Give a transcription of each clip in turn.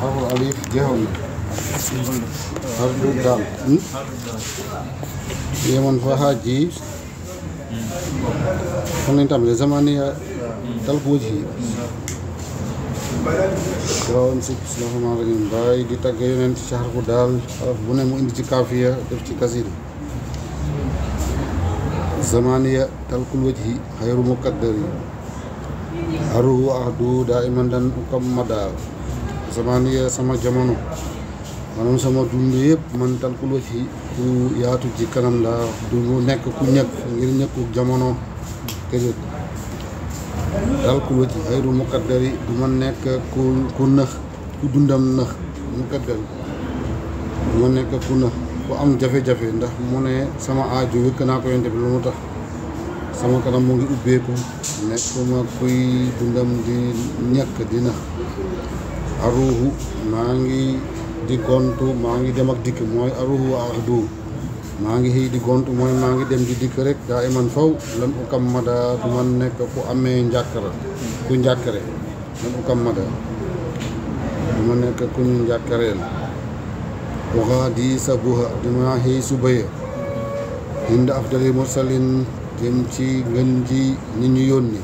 harfu alif jahwi harfu dal fahaji. fa haji kunin tamle zamaniya dal boji waaw am si bismillahir rahim baay di tagg yonent ci xar bu daal bu ah, ne mu indi ci kaafiya def ci kasin zamaniya talkul wajhi mukaddari aruhu ahdu daiman dan ukam madal zamaniya sama jamono maanaam sama dund yëpp man Talkul Wajhi ku yaatu ci kanam la du nekk ku ñëkk ngir ñëkku jamono déedéet Talkul ma nekk ku ku nëx ku dundam nëx muqaddari du ma nekk ku nëx ku am jafe-jafe ndax mu ne sama aajo wékk naa ko yonte bi lu mu tax sama kanam mu ngi ubbeeku nekkuma kuy dundam di ñàkk di nax aruuhu maa ngi di gontu maa ngi dem ak dikk mooy aruuhu wa ahdu maa ngi xëy di gontu mooy maa ngi dem di dikk rek daa iman faw lan ukam mada nekk ku amee njàkkara ku njàkkare lan ukam mada nekk ku njàkkareel waxaa di sa buha dima xëy subaya inda afdali mursalin jëm ci ngën ji ñi ñu yónni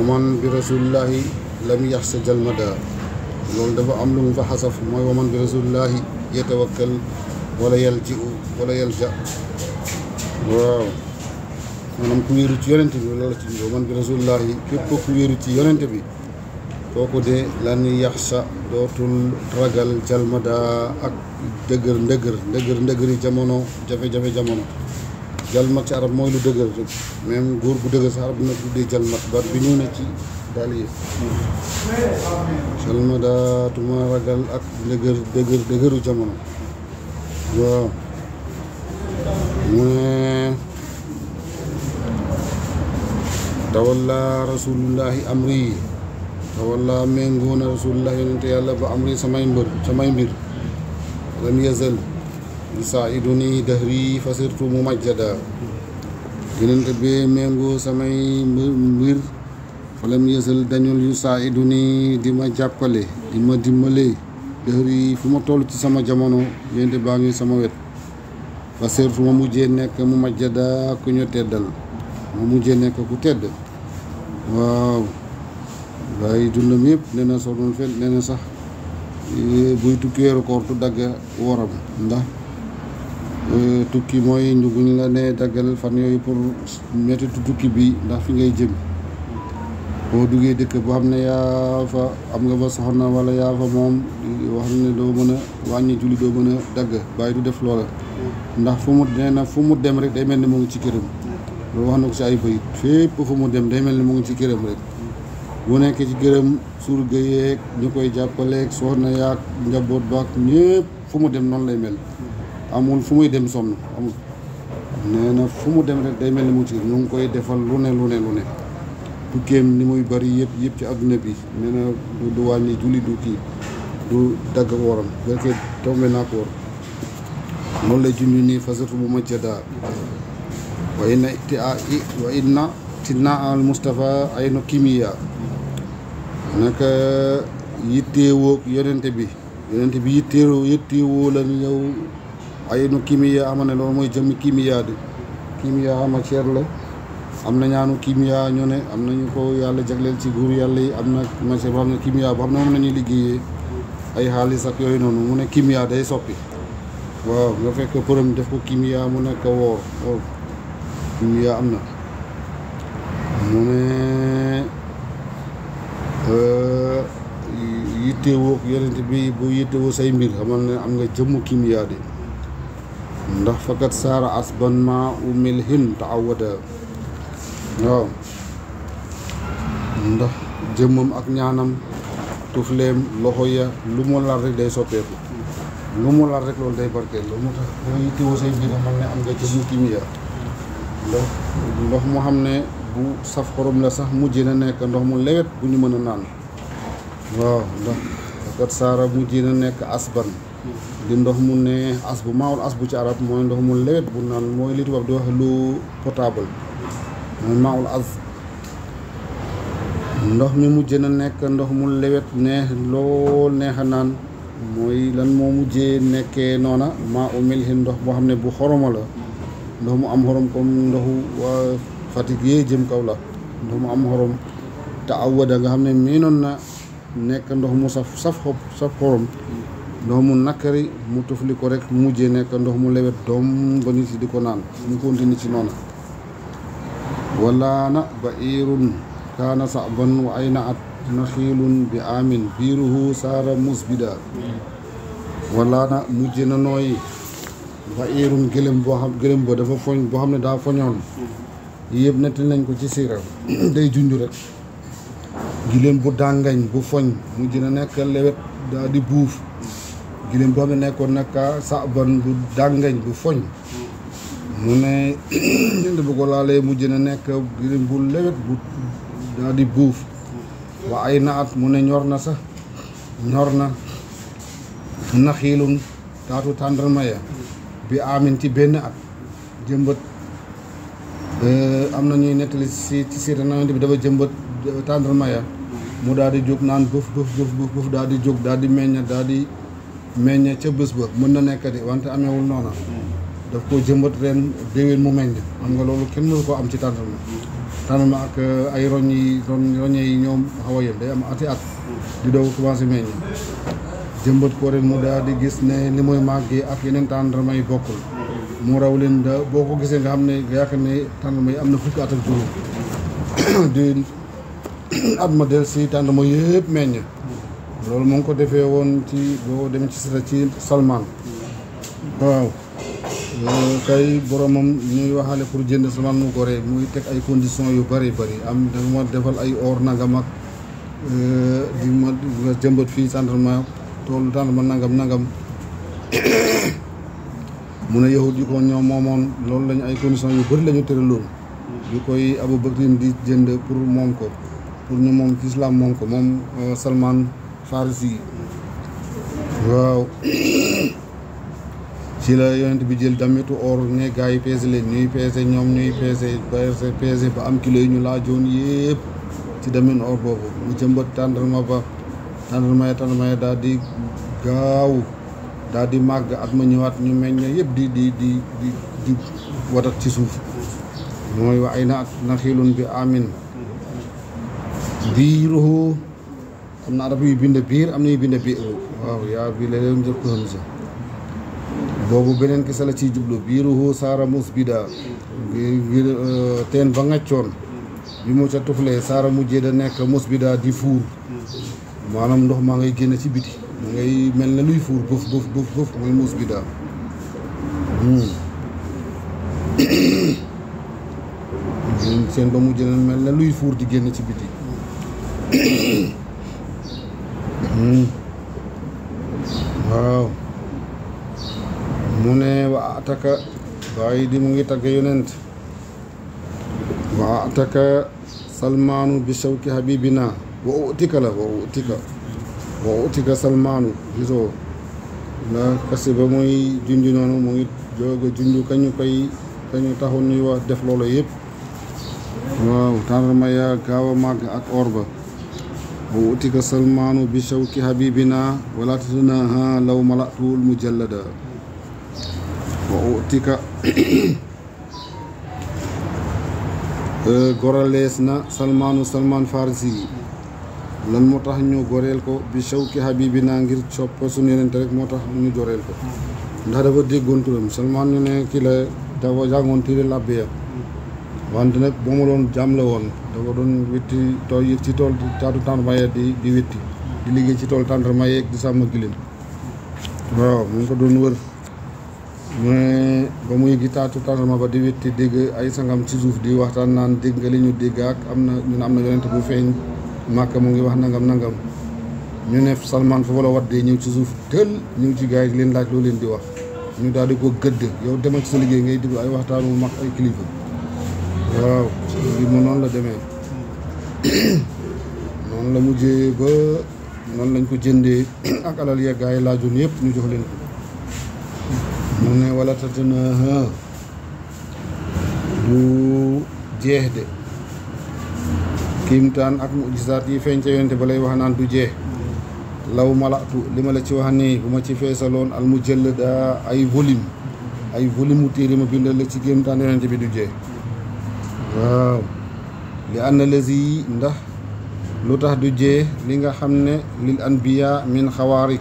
oman bi rasulillahi lam yax sa jalmada loolu dafa am lu mu fa xasaf mooy waman bi rasulillahi yatawakkal wala yal ji'u wala yal ja waaw maanaam ku wéeru ci yonent bi loolu ci waman bi rasulillahi képp ku wéeru ci yonent bi kooku de lan yaxsa dootul ragal jalmada ak dëgër ndëgër ndëgër ndëgër yi jamono jafe-jafe jamono jalmat ci arab mooy lu dëgër rek même góor bu dëgër sa arab na tuddee jalmat baat bi ñëw na ci bali calma daa tuma ragal ak dëgër dëgër dëgëru jamono waaw mu amri yi tawalla méngoo na rasulullahi yonente yàlla ba amri samay mbër samay mbir lam yazal yusaiduni dahri fasirtu mumajjada yonente bee méngoo samay mbir falam yeesal dañul yu saa Dima ni di ma jàppale di ma fu ma ci sama jamono yende baangi sama wet ba seer fu ma nek mu majjada ku ñu teddal ma mujjé nek ku tedd waaw waaye dundum yépp nee na sonul fen nee na sax eh, buy tukki weeru koor tu dagga woram ndax eh, tukki ñu buñ la né daggal fan yoy pour metti tukki bi ndax fi ngay jëm ओडुगे दिख भावने वाला वाला वाहन दो मोने वाणी जुली दो मोने डग बाई दे फ्लोर ना फोम ना फोम डेम रे डेमेल ने मुंग चिकेर रोहन उसे आई भाई फिर डेम डेमेल ने मुंग चिकेर रे वो ने के चिकेर सुर गए जो कोई जापले सोर ने या जब बोट बाग ने फोम डेम नॉन लेमेल अमुल फोम डेम सोम अमुल ने डेम रे डेमेल ने मुंग चिकेर नुंग डेफल लूने लूने लूने tukkeem ni muy bëri yëpp yëpp ci àdduna bi nee na du wàññi julli du kii du dagg woram fekkee tombe naa ko war lay junj nii fasatu bu majjada wa inna ti a al Moustapha ay no kimiya naka yitteewoo yonente bi yonente bi yitteewoo yitteewoo lan yow ay no ama ne loolu mooy jëmm kimiya di kimiya ama ceer la am na ñaanu kimia ñu ne am nañu ko yàlla jagleel ci góor yàlla yi am na marché boo xam ne kimia boo xam ne moom la ñuy liggéeyee ay xaalis ak yooyu noonu mu ne kimia day soppi waaw nga fekk përëm def ko kimia mu nekk woor woor am na mu ne eh, yittewoo yonent bi bu yittewoo say mbir xamal ne am nga jëmmu kimia de ndax fakat saara asban ma umil hin taawada waaw ndax jëmmam ak ñaanam tufleem loxo ya lu mu lar rek day soppeeku lu mu laal rek loolu day barkeel loolu moo tax boo yittewoo say mbir man mu kimiya ndox mu xam ne bu saf xorom la sax mujj na nekk ndox mu lewet bu ñu mën a naan waaw ndax kat saara mujj a nekk asban di ndox mu ne as bu maawul as bu ci arab mooy ndox mu lewet bu naan mooy li tubaab di wax lu potable mooy maawul az ndox mi mujj na nekk ndox mu lewet neex lool neex a naan mooy lan moo mujjee nekkee noona maa u milhin ndox boo xam ne bu xoroma la ndox mu am xorom ndoxu waa Fatick yee jëm kaw la te awada nga xam ne miinoon na nekk ndox mu saf saf xob xorom ndox mu nakkari mu tufli ko rek mujjee nekk ndox mu lewet doom ba nit yi di ko naan mu continue ci noona wala na ba'irun kana sa'ban wa at nakhilun bi amin biruhu sara musbida wala na mujina noy ba'irun gelem bo xam gelem bo dafa fogn bo xamne da fognon yeb natil nagn ko ci sira day jundju rek gelem bo dangagn bo fogn mujina nekkal le da di bouf gelem bo xamne nekkon sa'ban bu dangagn bu mune ne jënd bu ko laalee mujj na nekk gilim bu lewet bu daal di wa ay naat mu ne ñor na sax taatu ya. bi amin ci benn at jëmbat am na ñuy nettali si ci siira nawente dafa jëmbat tàndarma ya mu daal di jóg naan buuf buuf buuf buuf buuf daal di jóg daal di ca bés ba mën na wante daf koo jëmbat ren déwén mu meññ xam nga loolu kenn mënu am ci tàndarma tàndarma ak euh, ay roñ yi roñ yi ñoom xaw yem day am ati at di doog commencé meññ jëmbat ko ren mu daal di gis ne ni mooy màggee ak yeneen ma yi bokkul mu raw leen da boo ko gisee nga xam ne nga yaakaar ne tàndarma yi am na fukki at ak juróom déwén at ma del si tàndarma yëpp meññ loolu mu ko defee woon ci boo dem ci sita ci Salman waaw kay euh, boromam ñuy waxaale pour jënd sama nu goree muy teg ay conditions yu bari bari am dafa ma defal ay or nangam ak euh, di ma nga jëmbat fii centrement toolu ma nangam nangam mu ne yahut yi ko ñoom moomoon loolu lañu ay condition yu bëri la ñu yu koy Abu Bakrin di jënd pour moom ko pour ñu moom ci moom ko moom euh, Salman Farisi waaw si la yonent bi jël damitu or ne gaay pesé peese ñuy pesé ñom ñuy pesé pesé pesé ba am kilo yi ñu joon yépp ci damin or bobu mu jëmbat tàndarma ba tàndarma ya tàndarma ya daal di gaaw daal di mag at ma ñëwaat ñu meññ yépp di di di di di watat ci suuf moy wa ayna nakhilun bi amin biiruhu amna rabbi arab yu bind biir am na yu bind biir waaw ya bi leen jox ko boobu beneen kese la ciy jublu biiruhu saara mus bida euh, teen ba ngaccoon bi mu ca tuflee saara mujjee da nekk mus bida di fuur maanaam ndox maa ngay génn ci biti mu ngay mel ne luy fuur mus bida hmm. seen ba mujjee na mel ne luy fuur di génn ci biti hmm. waaw mu ne wa ataka waaye di mu ngi tagg yonent wa ataka salmaanu bi shawki habibina wa utika la wa utika salmaanu gisoo la kasi ba muy junj noonu mu ngi jóoga junj kañu koy kañu taxoon ñuy wax def loolu yëpp waaw tàndarma ya gaaw a màgg ak or ba wa utika salmaanu bi shawki habibina wala tatanaha law malatuwul mujallada وأؤتك goralees na salmaanu salmaan farisi lan moo tax ñu goreel ko bi shawki habibi naa ngir soppa suñu yonente rek moo tax ñu joreel ko ndax dafa déggoon turam salmaan ñu ne kii la dafa jàngoon téere làbbe ya wante nag ba ma doon jàmm la woon dafa doon witti tool yi ci tool taatu tàndarma yeeg di di witti di liggéey ci tool tàndarma yeeg di sàmm gilim waaw mu ngi ko doon wër mu ne ba muy gitaatu tàndarma ba di witti dégg ay sangam ci suuf di waxtaan naan dégg nga li ñu dégg ak am na ñu ne am na yonent bu feeñ màkk mu ngi wax nangam nangam ñu ne Salman foofu la waddee ñëw ci suuf tël ñëw ci gars yi leen laaj loo leen di wax ñu daal di ko gëdd yow demal ci sa liggéey ngay déglu ay waxtaan mu mag ay kilifa waaw mu noonu la demee noonu la mujjee ba noonu lañ ko jëndee ak alal ya gars yi laajoon yëpp ñu jox leen mu ne wala tatanaaha du jeex de kiimtaan ak mujisaat yi feeñ ca yonte ba lay wax naan du jeex law malatu li ma la ci wax nii bu ma ci feesaloon al mu jël daa ay volume ay volume u téere ma bindal la ci kiimtaan yonente bi du jeex waaw li analyse yi ndax lu tax du jeex li nga xam ne lil anbiya min xawaarik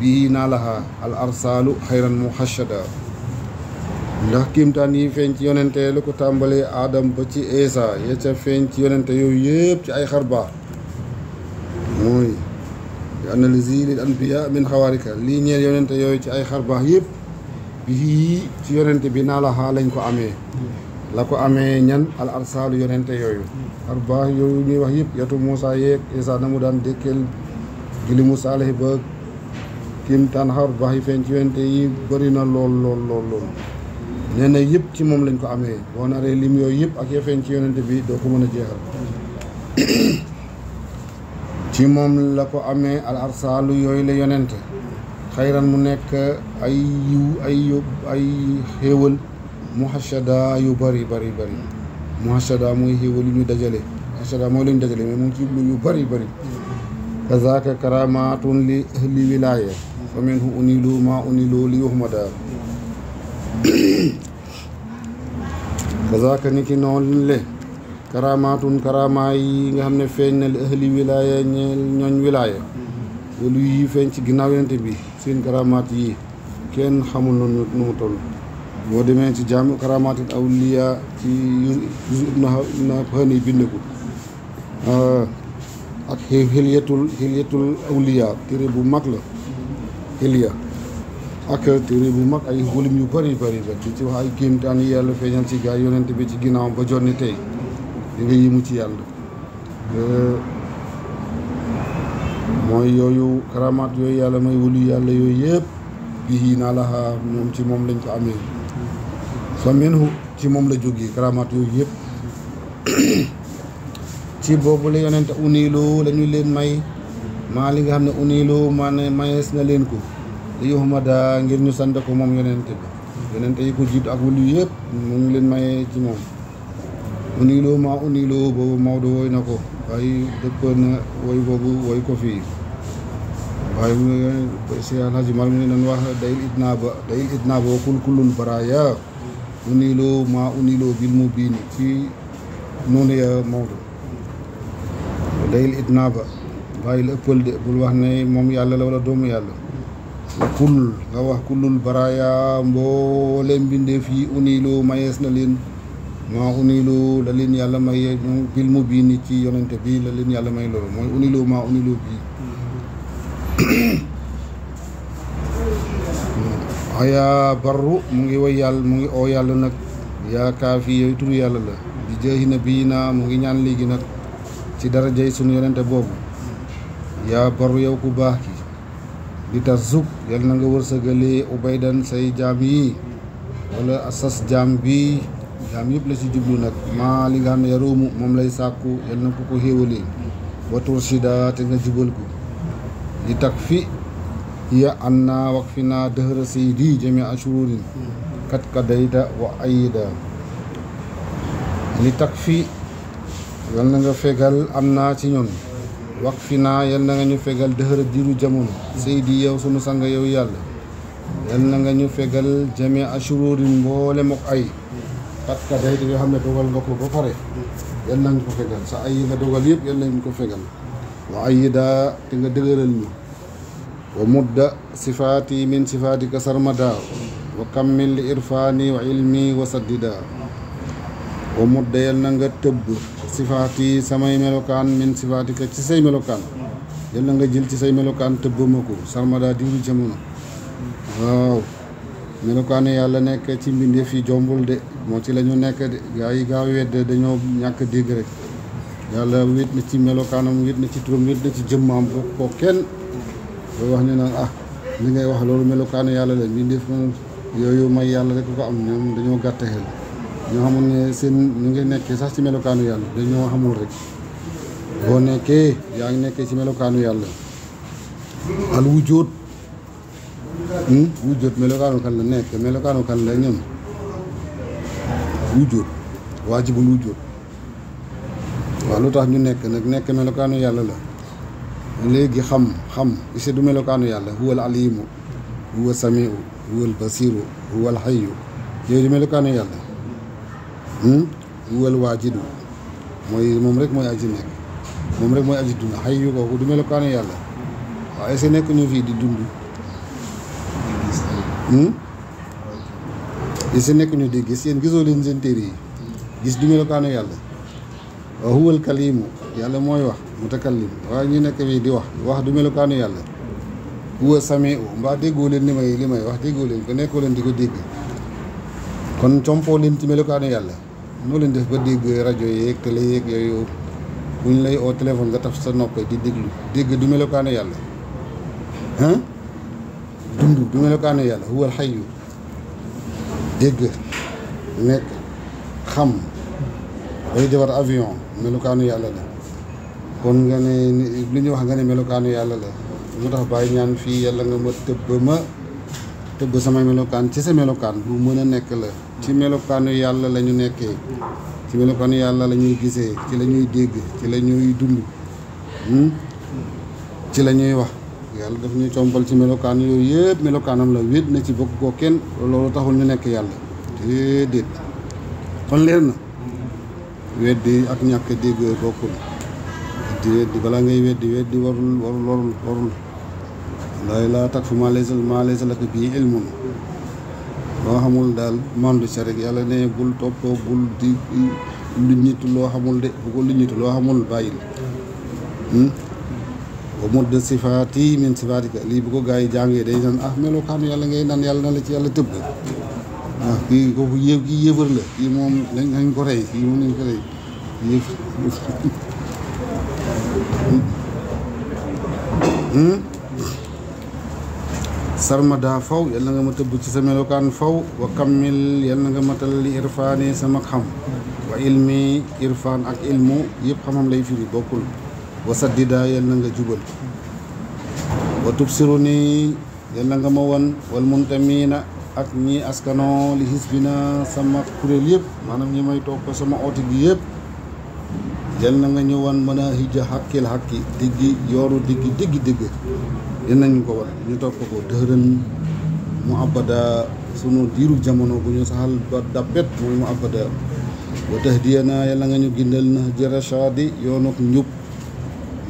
bii naalaha al arsaalu xayran muhashada ndax kiimtaan yi feeñ ci yonente la ko tàmbalee aadam ba ci eesa ya ca feeñ ci yonente yooyu yëpp ci ay xar baax mooy analyse lil anbiya min xawaarika lii ñeel yonente yooyu ci ay xar baax yëpp bii ci yonente bi naalaha lañ ko amee la ko amee ñan al arsaalu yonente yooyu xar yooyu ñuy wax yëpp yatu Moussa yeeg eesa na mu daan dékkeel gilimu saalih ba kéemtaan xar baax yi ci na lool yëpp ci moom lañ ko amee boo naree lim yëpp ak ya ci yonente bi doo ko mën a jeexal ci la ko amee al arsaalu yooyu la yonente xayran mu nekk ay yiw ay yób ay xéewal muhashada yu bari bëri bëri bëri muhashada mooy xéewal yu ñu dajale muhashada mooy lu ñu dajale mais mu ngi ci yu bari bëri kazaka karamatun li ahli فمنه أنيلوا ما أنيلوا ليهمدا كذاك نكي نول له كرامات كراماي nga xam ne feeñ na li ahli wilaya ñeel ñooñ wilaya wala yi feeñ ci ginnaaw yonent bi seen karamaat yi kenn xamul nu mu toll boo demee ci jaam karamaatil awliya ci na xën yi bind ko ak xilyatul xilyatul awliya téere bu mag la Ilia ak téere bu mag ay volume yu bëri bëri bëri di ci wax ay kéemtaan yi yàlla feeñal ci gaa yonent bi ci ginnaawam ba jot ni tey di nga yéemu ci yàlla mooy yooyu karamaat yooyu yàlla may wulu yàlla yooyu yëpp bii naa la xaa moom ci moom lañ ko amee fa minhu ci moom la jógee karamaat yooyu yëpp ci boobu la leen may maa li nga xam ne unilu ma ne mayees na leen ko li yuhmada ngir ñu sant ko moom yonente yonente yi ko jiitu ak wali yëpp mu ngi leen mayee ci moom unilu maa unilu boobu na ko waaye boobu woy ko fii waaye si alhaji Malick mi doon wax dayil idnaa ba dayil idnaa ba kul kulun baraya uniloo maa uniloo bil mu biini ci noonu ya Maodo dayil idnaa ba bàyyi la ëppal de bul wax ne moom yàlla la wala doomu yàlla kul nga wax kulul baraaya mbooleem mbindeef yi unilu mayees na leen maa unilu la leen yàlla may bil mu bii ni ci yonente bi la leen yàlla may loolu mooy unilu maa unilu bii ayaa barru mu ngi woy yàlla mu ngi oo yàlla nag yaakaar fii yooyu turu yàlla la di jaahi na bii naa mu ngi ñaan léegi nag ci dara darajay sunu yonente boobu Ya baru yow ya ku bax ki di tas zug yal na nga wërsegalé ubaydan say wala asas jambi bi jaam yëpp la ci djublu nak ma li nga xam ne yaroomu moom lay sakku yal na ko ko wa tursida te nga djubal ko di tak fi ya anna waqfina dahr naa jami ashururin kat kadaida wa aida. li tak fi yal na nga fegal anna ci ñoom wax fi naa yal na nga ñu fegal dëxër diiru jamono seydi yow sunu sang yow yàlla yal na nga ñu fegal jamee ashururin mboole mok ay parce que day nga xam ne dogal nga ko ba pare yal na nga ko fegal sa ay yi nga dogal yëpp yal nañ ko fegal wa ay te nga dëgëral ñu wa mudda sifaati min sifaatika sarmada wa kammil irfaani wa ilmi wa saddida wa dayal na nga teub sifati samay melokan min sifati ci say melokan yal na nga jël ci say melokan teub mako ko sarmada diwu jamono waaw melokaan yàlla nek ci mbindeef fi jombul de mo ci lañu nek de gaay yi gaaw wedd dañu ñak deg rek yalla wit na ci melokaanam wit na ci turum wit na ci jëmmam ko ken do wax ñu ah li ngay wax lolu melokan yàlla la mbindeef moom yoyu may yalla rek ko am ñoom dañu gatte hel ñoo xamul ne seen ñu ngi nekkee sax ci melokaanu yàlla dañoo xamul rek boo nekkee yaa ngi nekkee ci melokaanu yàlla al wujjóot wujjóot melokaanu kan la nekk melokaanu kan la ñoom wujjóot waajibul wujjóot waaw lu tax ñu nekk nag nekk melokaanu yàlla la léegi xam xam ise du melokaanu yàlla huwal alimu huwa samiu huwal basiru huwal xayu yooyu du melokaanu yàlla Hmm? wal waajidu mooy moom rek mooy aji nekk moom rek mooy aji dund xay yu kooku du melokaanu yàlla waaye sa nekk fii di dund di hmm? si nekk ñu di gis yéen gisoo leen seen téere yi gis du melokaanu yàlla wa huwal kalimu yàlla mooy wax mutakallim waaye ñu nekk fii di wax wax du melokaanu yàlla huwa samiu mbaa déggoo leen ni may li may wax déggoo leen ko nekkoo leen di ko dégg kon compoo leen ci melokaanu yàlla noo leen def ba dégg rajo yeeg télé yeeg yooyu bu ñu lay oo téléphone nga taf sa nopp di déglu dégg du melokaanu yàlla ah dund du melokaanu yàlla huwal xayyu dégg nekk xam bay defar avion melokaanu yàlla la kon nga ne lu ñu wax nga ne melokaanu yàlla la mu tax bàyyi ñaan fii yàlla nga ma tëbb ma tëbb sama melokaan ci sa melokaan bu mën a nekk la ci melokaanu yàlla la ñu nekkee ci melokaanu yàlla la ñuy gisee ci la ñuy dégg ci la ñuy dund hmm? ci la ñuy wax yàlla daf ñuy compal ci melokaan yooyu yëpp melokaanam la wéet na ci bokk ko kenn loolu taxul ñu nekk yàlla déedéet kon leer na weddi ak ñàkk dégg bokkul weddi weddi balaa ngay weddi weddi warul warul warul warul lay laa takk fu maa laysa maa laysa laka loo xamul daal mandu sa rek yàlla ne bul toppoo bul di lu ñitu loo xamul de bu ko lu ñitu loo xamul bàyyil hmm? wa mudd sifaati min sifaatika lii bu ko gars yi jàngee day naan ah melokaanu yàlla ngay naan yàlla na la ci yàlla tëb ah kii kooku yëf kii yëfar la kii moom nañ ko rey kii moom nañ ko rey hmm? Hmm? sarmada faw yang nga ma tëbb ci sama lokan faw wa kamil yalla nga tal li irfani sama xam wa ilmi irfan ak ilmu yeb xamam lay firi bokul wa sadida yalla nga jubal wa tubsiruni yalla nga ma won wal muntamiina ak ni askano li hisbina sama kurel yeb manam ñi may topp sama ooti bi yeb yalla nga ñu won mana hijja hakil hakki diggi yoru diggi diggi dinañ ko wax ñu top ko deureun mu abada sunu diru jamono bu ñu saxal ba dappet mooy mu abada wa tahdiyana yalla nga ñu gindal na shadi yonok ñub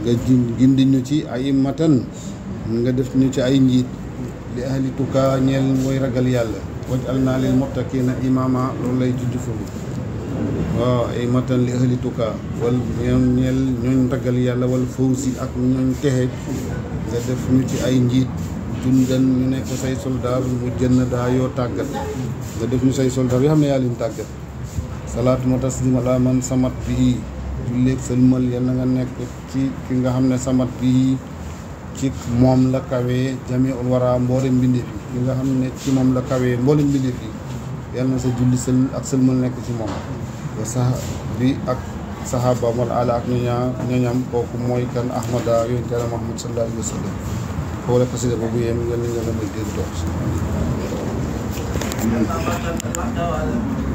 nga gindi ñu ci ay matan nga def ñu ci ay njit li ahli tuka ñel moy ragal waj alna lil muttaqina imama loolu lay jiddu fu wa ay matan li ahli tuka wal ñel ñooñ ragal yalla wal fawsi ak ñooñ texe nga def ñu ci ay njiit dundal ñu nekk say soldat mu jënn daa yoo tàggat nga def ñu say soldat yoo xam ne yàlla ñu tàggat salaatuma taslima laa man samat bii julleeg sëlmal yal na nga nekk ci ki nga xam ne samat bii ci moom la kawee jamiul wara mboolem mbindeef yi ki nga xam ne ci moom la kawee mboolem mbindeef yi yal na sa julli sël ak sëlmal nekk ci moom wa sax bi ak sahaba man ala ak ñooña ñooñam moy kan ahmada yooyu teel a Muhammad sallallahu alaihi wasallam sallam xoolal xasida boobu yéen ngeen ngeen a mën di dox